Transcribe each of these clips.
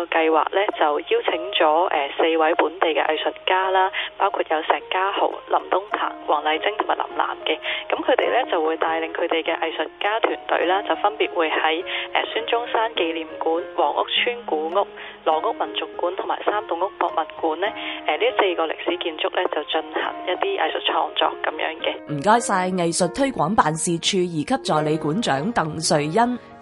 個計劃咧就邀請咗誒四位本地嘅藝術家啦，包括有石家豪、林東鵬、黃麗貞同埋林嵐嘅。咁佢哋咧就會帶領佢哋嘅藝術家團隊啦，就分別會喺誒孫中山紀念館、黃屋村古屋、羅屋民族館同埋三棟屋博物館呢。誒呢四個歷史建築咧就進行一啲藝術創作咁樣嘅。唔該晒藝術推廣辦事處二級助理館長鄧瑞欣。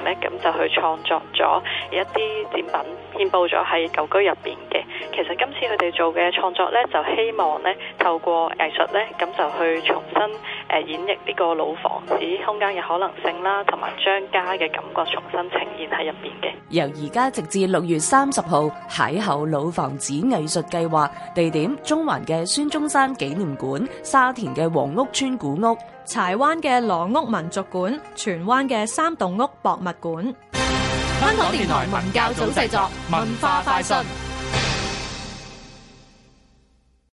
咁就去創作咗一啲展品，遍佈咗喺舊居入邊嘅。其實今次佢哋做嘅創作咧，就希望咧透過藝術咧，咁就去重新誒演繹呢個老房子空間嘅可能性啦，同埋將家嘅感覺重新呈現喺入邊嘅。由而家直至六月三十號，邂逅老房子藝術計劃，地點中環嘅孫中山紀念館、沙田嘅黃屋村古屋。柴灣嘅羅屋民俗館，荃灣嘅三棟屋博物館。香港電台文教組製作，文化快訊。